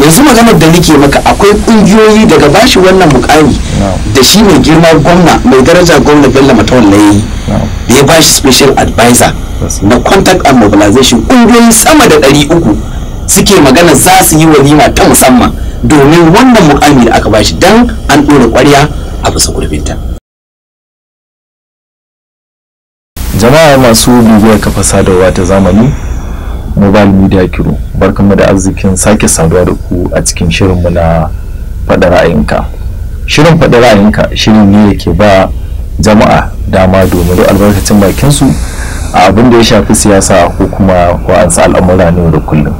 yanzu maganar da nake maka akwai kungiyoyi daga bashi wannan mukami da shi mai girma gwamna mai daraja gwamna bello matawan na yi da ya bashi special advisor na contact and mobilization kungiyoyi sama da ɗari uku suke magana za su yi walima ta musamman domin wannan mukami da aka bashi dan an ɗora ƙwarya a bisa gurbinta jama'a masu bibiyar kafa sadarwa ta zamani mobile media kiro barkamu da arzikin sake saduwa da ku a cikin shirinmu na faɗa ra'ayinka shirin faɗa ra'ayinka shirin ne da ke ba jama'a dama domin da albarkacin su a abin da ya shafi siyasa ko kuma wa'ansu al'amura ne da kullum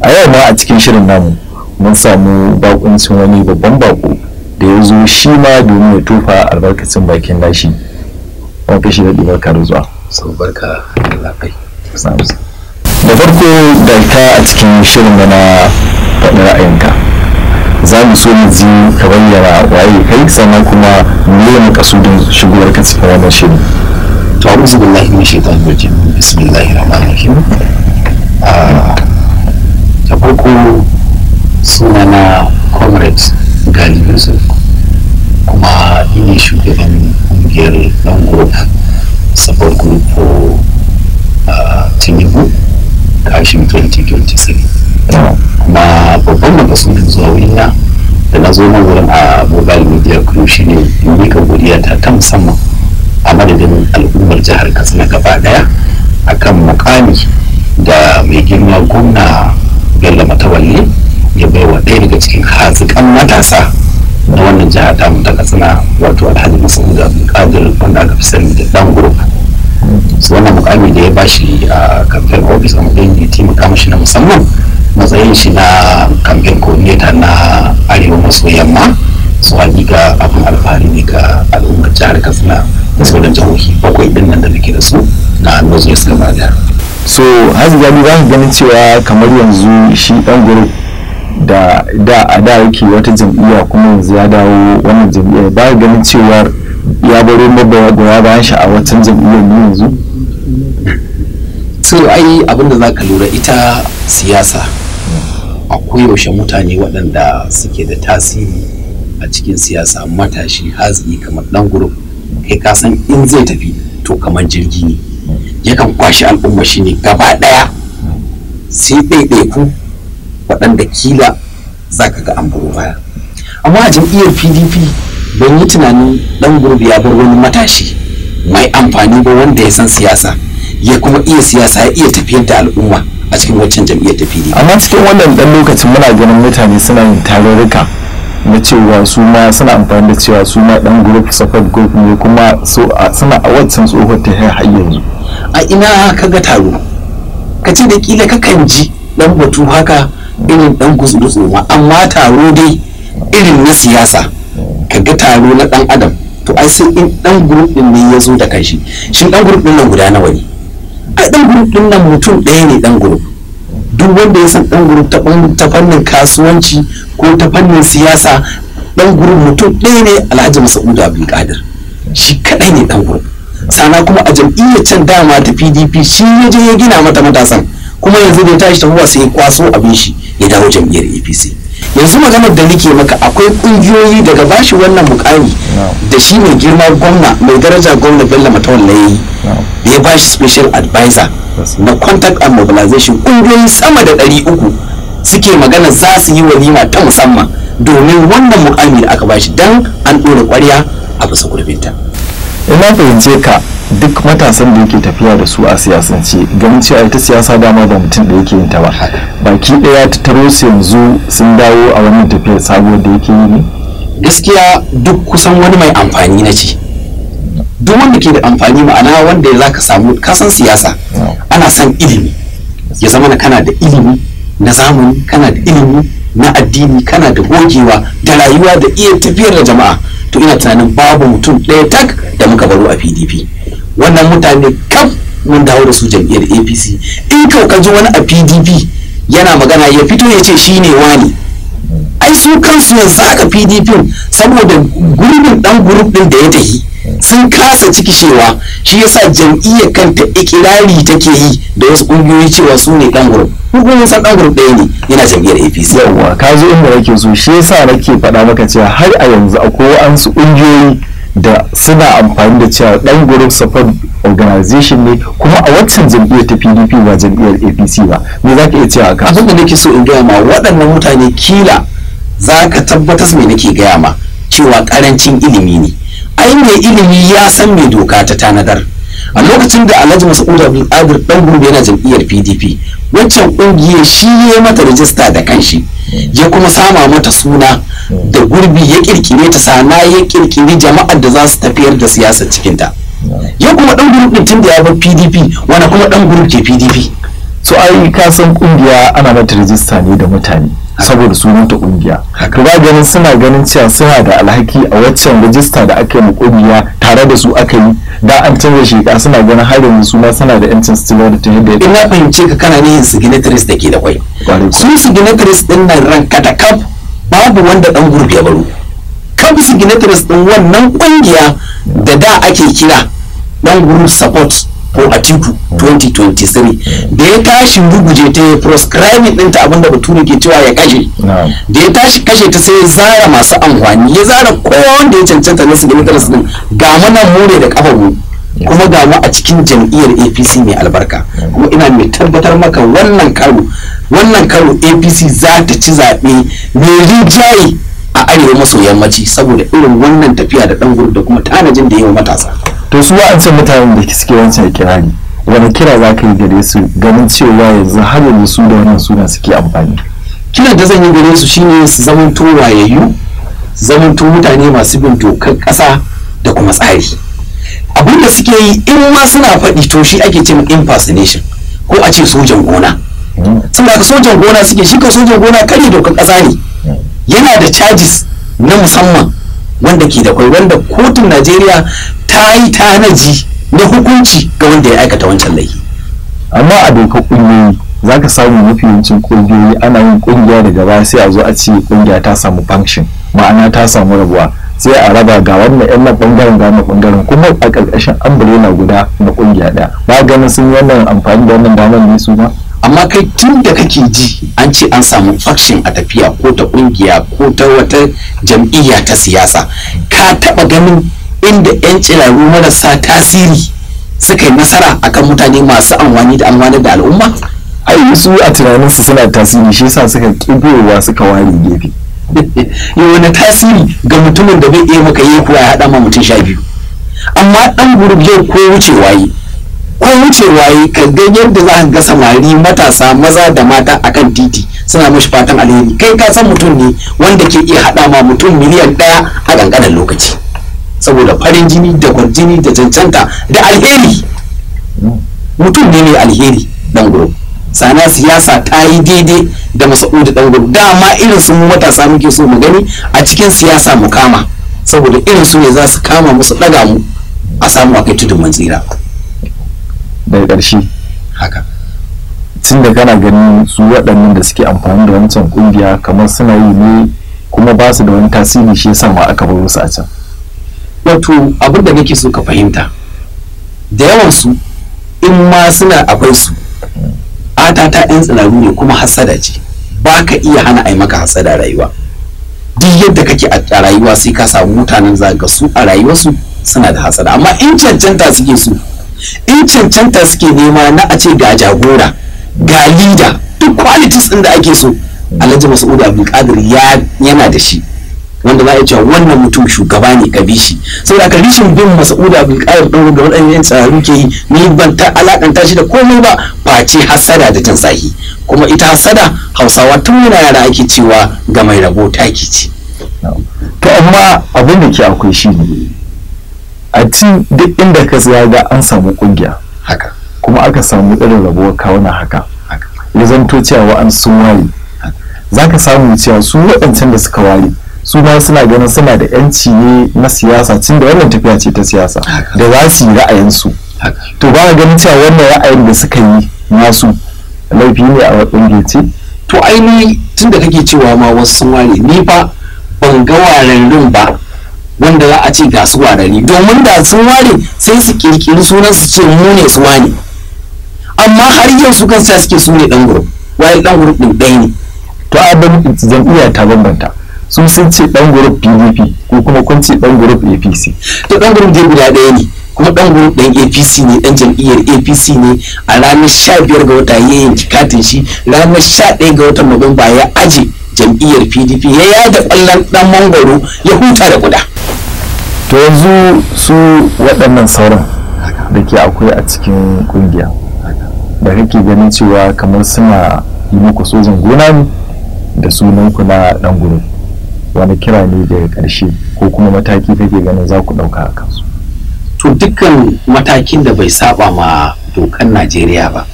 a yau ma a cikin shirin namu mun samu bakuncin wani babban bako da ya zo shi ma domin ya tofa albarkacin bakin nashi wani shi da ɗibar zuwa sau barka da lafai da farko da ka a cikin shirin da na faɗi ra'ayinka za mu so mu ji ka bayyana waye kai sannan kuma me makasudin shigowar ka cikin wannan shirin to a'udhu billahi min shaitanir rajim bismillahir rahmanir rahim ta ah, farko na comrades gali yusuf kuma ina shugaban kungiyar dan group support group for ah, tinubu kashin 2023 na babban makasudin zuwa na da na zo nan wurin a mobile media crew ne mika godiya ta ta musamman a madadin al'ummar jihar katsina gaba daya a kan mukami da mai girma gwamna bello matawalle ya baiwa ɗaya daga cikin hazikan matasa na wannan jihar ta mu ta katsina wato alhaji masu da abdulkadir wanda aka fi sani da dan gurba wannan mukamin da ya bashi a campaign ofis a matsayin ya taimaka mashi na musamman matsayin shi na campaign coordinator na arewa maso yamma su hakika abin alfahari ne ga al'ummar jihar katsina da sauran jihohi bakwai din nan da muke da su na north west gaba da so hazi gani za ka ganin cewa kamar yanzu shi dan guru da da a da yake wata jam'iyya kuma yanzu ya dawo wannan jam'iyyar ba ganin cewa. ya baro goya bayan shi a wancan jam'iyyar ne yanzu to ai abin da zaka lura ita siyasa akwai yaushe mutane waɗanda suke da tasiri a cikin siyasa matashi haziki kamar dan guruf. kai ka san in zai tafi to kamar jirgi ne yakan kwashi al'umma shi ne gaba ɗaya sai ɗaiɗaiku waɗanda kila za ka ga an baya amma a jam'iyyar pdp ban yi tunanin dan gurbi ya bar wani matashi mai amfani ba wanda ya san siyasa ya kuma iya siyasa ya iya tafiyar da al'umma a cikin waccan jam'iyyar ta fili amma cikin wannan dan lokacin muna ganin mutane suna yin tarurruka na cewa su ma suna amfani da cewa su ma dan group support group ne kuma suna a waccan tsohon ta har yanzu a ina ka ga taro ka ce da kila kakan ji dan batu haka irin dan gutsu amma taro dai irin na siyasa ka ga taro na dan adam to ai sai in dan group din ne ya zo da kanshi shin dan group din nan guda nawa ne ai dan group din nan mutum ɗaya ne dan group duk wanda ya san dan group ta fannin kasuwanci ko ta fannin siyasa dan group mutum ɗaya ne Alhaji Masaudu Abdulkadir shi kadai ne dan group sana kuma a jam'iyyar can dama ta PDP shi ya je ya gina mata matasan kuma yanzu da ya tashi ta huwa sai ya kwaso abin shi ya dawo jam'iyyar APC yanzu maganar da nake maka akwai kungiyoyi daga bashi wannan mukami da shi mai girma gwamna mai daraja gwamna bello matawan na yi da ya bashi special advisor na contact and mobilization kungiyoyi sama da ɗari uku suke magana za su yi walima ta musamman domin wannan mukami da aka bashi dan an ɗora ƙwarya a bisa gurbinta. ina fahimce ka duk matasan da yake tafiya da su a siyasance ganin cewa ita siyasa dama ba mutum da yake yin ta ba baki daya ta taro su yanzu sun dawo a wannan tafiyar sabuwar da yake yi ne gaskiya duk kusan wani mai amfani na ce duk wanda ke da amfani ma'ana wanda ya zaka samu kasan siyasa ana son ilimi ya zama na kana da ilimi na zamani kana da ilimi na addini kana da gogewa da rayuwa da iya tafiyar da jama'a to ina tunanin babu mutum ɗaya tak da muka baro a pdp wannan mutane kaf mun dawo da su jam'iyyar apc in kau ka ji wani a pdp yana magana ya fito ya ce shi ne wani ai su kansu yanzu aka pdp saboda gurbin dan gurup ɗin da ya tafi sun kasa cewa shi yasa jam'iyyar kanta ikirari take yi da wasu kungiyoyi cewa su ne ɗan gurup hukumin san ɗan gurup ɗaya ne yana jam'iyyar APC yawwa ka zo inda nake so shi yasa nake faɗa maka cewa har a yanzu akwai an su ƙungiyoyi da suna amfani da cewa ɗan group support organization ne kuma a waccan jam'iyyar ta PDP ba jam'iyyar APC ba me za ka iya cewa ka abin da nake so in gaya ma waɗannan mutane kila za ka tabbatar me nake gaya ma cewa karancin ilimi ne ai mai ilimi ya san mai doka ta tanadar a lokacin da alhaji mas'ud abdulkadir dan gurbe yana jam'iyyar pdp waccan ƙungiyar shi ya mata rajista da kanshi ya kuma sama mata suna da gurbi ya kirkire ta sana ya kirkiri jama'ar da za su tafiyar da siyasar cikinta ya kuma dan gurbin tun da ya bar pdp wani kuma dan gurbi ke pdp so ai ka san kungiya ana mata rijista ne da mutane saboda sunanta kungiya to ba ganin suna ganin cewa suna da alhaki a waccan rijista da aka yi kungiya tare da su aka yi da an canza shekara suna ganin har yanzu suna suna da yancin su da ta yadda ina fahimce ka kana nihin signatories da ke da kwai su signatories din nan ranka da kaf babu wanda dan gurbi ya baro kaf signatories din wannan kungiya da da ake kira dan group support ko a tiku 2023 da ya tashi ruguje ta ya proscribe ɗinta abinda bature ke cewa ya kashe da ya tashi kashe ta sai ya zara masu amfani ya zara kowa wanda ya cancanta na sigili taras din ga munan more da kafa mu kuma ga mu a cikin jam'iyyar apc mai albarka kuma ina mai tabbatar maka wannan karo wannan karo apc za ta ci zaɓe mai rijayi a arewa maso yammaci saboda irin wannan tafiya da ɗan da kuma tanajin da wa matasa to su wa'ancan mutanen da suke wancan kirari wani kira za ka yi gare su ganin cewa yanzu har yanzu su da wannan suna suke amfani kiran da zan yi gare su shine su to wayayyu zamanto mutane masu bin dokar ƙasa da kuma tsari abin da suke yi in ma suna faɗi to shi ake cewa impersonation ko a ce sojan gona tun da sojan gona suke shi ka sojan gona kare dokar ƙasa ne yana da charges na musamman wanda ke da kwai wanda kotun najeriya ta yi tanaji na hukunci ga wanda ya aikata wancan laifi amma a dokar kungiyoyi za ka samu mafi yancin kungiyoyi ana yin kungiya da gaba sai a zo a ce kungiya ta samu function ma'ana ta samu rabuwa sai a raba ga wannan yan nan bangaren ga wannan bangaren kuma a ƙarƙashin umbrella guda na kungiya ɗaya ba ganin sun wannan amfani da wannan damar ne su ba amma kai tun da kake ji an ce an samu faction a tafiya ko ta kungiya ko ta wata jam'iyya ta siyasa ka taɓa ganin inda 'yan tsiraru marasa tasiri suka yi nasara akan mutane masu amfani da amfani da al'umma ai su a tunaninsu suna tasiri shi yasa suka kigowa suka ware gefe yau wani tasiri ga mutumin da bai iya maka yi kuwa ya haɗa ma mutum sha biyu amma ɗan gurbi ko wucewaye waye ko wuce waye ka ga yadda za ka ga samari matasa maza da mata akan titi suna mashi fatan alheri kai ka san mutum ne wanda ke iya haɗa ma mutum miliyan ɗaya a ƙanƙanin lokaci saboda farin jini da gwarjini da cancanta da alheri mutum ne mai alheri dan gurub sana siyasa ta yi daidai da masu masa'udu dan gurub dama irin su mu matasa muke so mu gani a cikin siyasa mu kama saboda irin su ne za su kama musu daga mu a samu akai tudun tsira daga ƙarshe haka tun da kana ganin su waɗannan da suke amfani da wancan kungiya kamar suna yi ne kuma ba su da wani tasiri shi ya yasa ma aka bar su a can wato abin da nake so ka fahimta da yawansu in ma suna akwai su atata ta yan tsiraru ne kuma hasada ce ba ka iya hana a yi maka hasada rayuwa duk yadda kake a rayuwa sai ka samu mutanen za ga su a rayuwarsu suna da hasada amma in cancanta suke su in cancanta suke nema na a ce ga jagora ga lida duk qualities din da ake so Alhaji Mas'ud Abdulkadir yana da shi wanda za a cewa wannan mutum shugaba ne ka bi shi saboda ka rishin bin mas'ud abdul qadir dan da wadannan yan ke yi ni ban ta alakanta shi da komai ba face hasada da tansahi kuma ita hasada hausawa tun muna yara ake cewa ga mai rabo taki ce to amma abin da ke akwai shi ne a ci duk inda ka ga an samu kungiya haka kuma aka samu irin ka kawuna haka ya zanto cewa an sun ware za ka samu cewa su waɗancan da suka ware su ma suna ganin suna da yanci ne na siyasa tun da wannan tafiya ce ta siyasa da za su yi ra'ayinsu to ba ganin cewa wannan ra'ayin da suka yi nasu laifi ne a wadin ce to aini tun da kake cewa ma wasu ware ni fa ban ga wararrun ba wanda za a ce ga su warari domin da sun ware sai su kirkiri sunan su ce mu ne su wani amma har yanzu kan kansa suke su ne dan gurbi wai dan gurbi din ɗaya ne to abin jam'iyya ta bambanta su sun ce dan group pdp ko kuma kun ce dan group apc to dan group dai guda ɗaya ne kuma dan group dan apc ne dan jam'iyyar apc ne a ranar 15 ga wata ya yanki katin shi ranar 11 ga watan nuwamba ya aje jam'iyyar pdp ya yada ƙwallon dan mangwaro ya huta da guda to yanzu su waɗannan sauran da ke akwai a cikin ƙungiya da kake ganin cewa kamar suna yi muku sojin gona ne da sunan ku na dan group wani kira ne daga ƙarshe ko kuma mataki kake ganin za ku ɗauka a kansu to dukkan matakin da bai saba ma dokan najeriya ba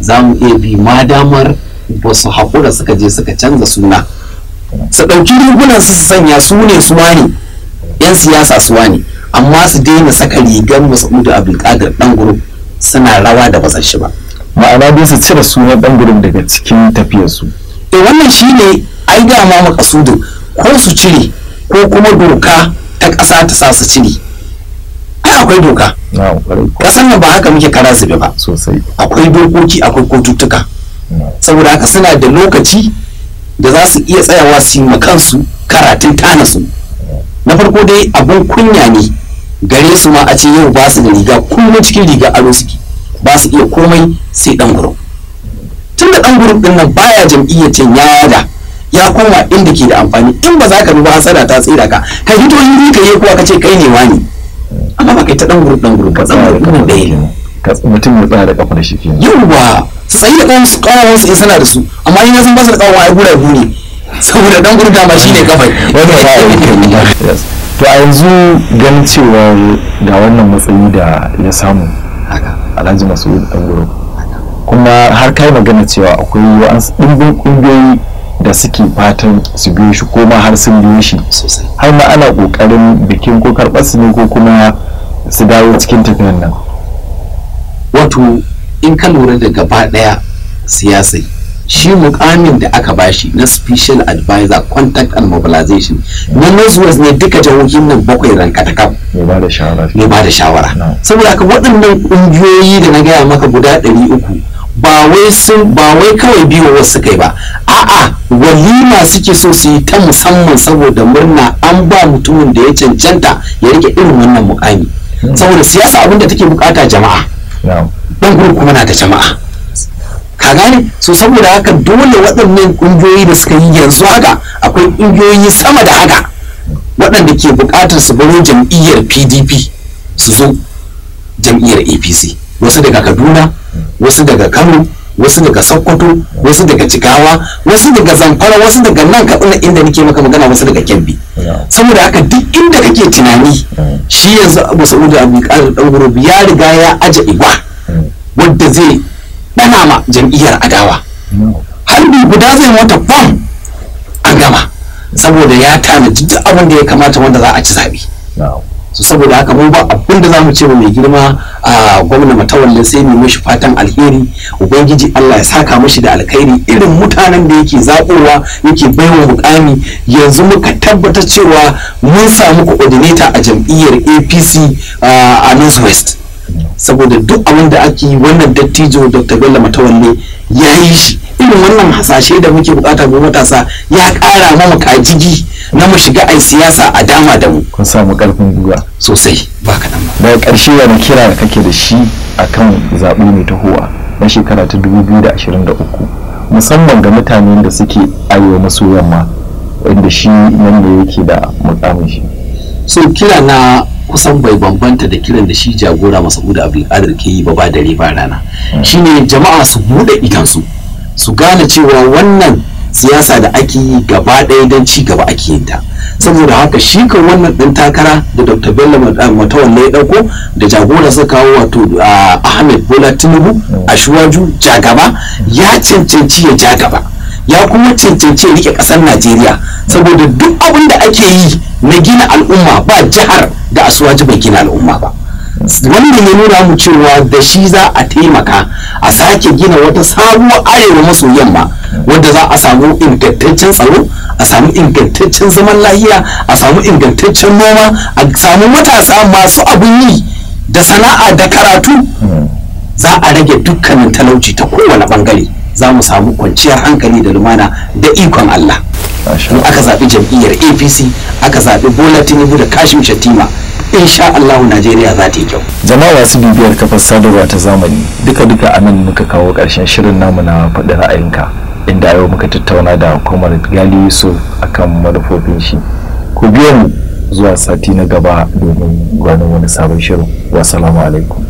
za mu iya bi ma damar ba su haƙura suka je suka canza suna su ɗauki rigunan su sanya su ne su wani yan siyasa su wani, amma su daina saka rigar mas'udu abdulkadir ɗan gurub suna rawa da ba shi ba ma'ana dai su cire sunan ɗan gurub daga cikin tafiyarsu to wannan shi ne ai dama makasudin ko su cire ko kuma doka ta kasa ta sa su cire ai akwai doka kasan nan ba haka muke kara su ba akwai dokoki akwai kotuttuka saboda haka suna da lokaci da za su iya tsayawa su yi kansu karatun tanasu na farko dai abin kunya ne gare su ma a ce yau ba su da riga kullum cikin riga aro suke ba su iya komai sai dan tun da dan gurup din nan baya jam'iyyar cin yada ya koma inda ke da amfani in ba za ka bi ba hasada ta tsira ka ka hito yi ka yi kuwa ka ce kai ne wani amma ba kai ta dan gurub dan gurub ba tsamar irin ɗaya ne mutum ya tsaya da da shi fiye yawwa su tsayi da su kawawan wasu in sana da su amma in sun ba su da kawawa ai gura guri saboda dan gurub shi ne kafai wannan ba ya to a yanzu ganin cewa ga wannan matsayi da ya samu alhaji masu ɗan gurub kuma har kai magana cewa akwai wa'ansu ɗimbin ƙungiyoyi da suke fatan su biyo shi ko ma har sun biyo shi har ma ana kokarin bikin ko karɓar su ne ko kuma su dawo cikin tafiyan nan wato in ka lura da gaba ɗaya siyasai shi mukamin da aka bashi na special advisor contact and mobilization na northwest ne duka jihohin nan bakwai ranka ta kam ne ba da shawara saboda haka waɗannan ƙungiyoyi da na gaya maka guda ɗari uku ba wai kawai biyu wasu kai ba a'a walima suke so su yi ta musamman saboda murna an ba mutumin da ya cancanta ya rike irin wannan mukami saboda siyasa abin da take bukata jama'a dan gurin kuma na da jama'a ka gane so saboda haka dole waɗannan ƙungiyoyi da suka yi yanzu haka akwai ƙungiyoyi sama da haka waɗanda ke bukatar su bari jam'iyyar pdp su zo jam'iyyar apc wasu daga kaduna wasu daga kano wasu daga sokoto wasu daga jigawa wasu daga zamfara wasu daga nan katsina inda nake maka magana wasu daga kebbi saboda haka duk inda kake tunani shi yanzu abu sa'udu abu ɗan dan ya riga ya aje igwa wadda zai dana ma jam'iyyar adawa Har bi guda zai mota fam a gama saboda ya tanaji duk abin da ya kamata wanda za a ci zaɓe. saboda haka mu ba abin da zamu ce wa mai girma a gwamna matawalle sai mu mishi fatan alheri ubangiji Allah ya saka mishi da alkhairi irin mutanen da yake zaɓowa, yake baiwa mukami yanzu muka tabbata cewa mun samu coordinator a jam'iyyar APC a North West saboda duk abin da ake yi wannan dattijo Dr. Bello Matawalle ya yi shi irin wannan hasashe da muke bukata mu matasa ya kara mana kajigi na mu shiga ai siyasa a dama da mu kun samu karfin gwiwa sosai ba kaɗan ba daga karshe wani kira da kake da shi akan zaɓe ta tahowa na shekara ta 2023 musamman ga mutanen da suke arewa maso yamma wanda shi nan da yake da mukamin shi so kira na kusan bai bambanta da kiran da shi jagora abin abdulkadir ke yi ba ba dare ba rana hmm. shine jama'a su bude su. su gane cewa wannan siyasa da ake yi gaba ɗaya don ci gaba ake yin ta saboda haka shi kan wannan ɗin takara da dr bello ah, Matawan ya ɗauko da jagora suka kawo wato ah, ahmed bola tinubu a shuwaju jagaba ya cancanci ya jagaba ya kuma cancanci ya rike ƙasar najeriya saboda duk abin da ake yi na gina al'umma ba jihar da asuwaji bai gina al'umma ba wanda ya nuna mu cewa da shi za a taimaka a sake gina wata sabuwar arewa maso yamma wadda za a samu ingantaccen tsaro a samu ingantaccen zaman lafiya, a samu ingantaccen noma a samu matasa masu abin yi da sana'a da karatu za a rage dukkanin talauci ta kowane bangare za mu samu kwanciyar hankali da lumana da ikon Allah. Aka zaɓi jam'iyyar APC, aka zaɓi Bola Tinubu da Kashim Shatima. insha Allah Najeriya za ta yi kyau jama'a wasu bibiyar kafar sadarwa ta zamani duka duka a anan muka kawo ƙarshen shirin namu na faɗi ra'ayinka inda yau muka tattauna da hukumar Gali Yusuf akan manufofin shi ku biyo mu zuwa sati na gaba domin gwanin wani sabon shirin wassalamu alaikum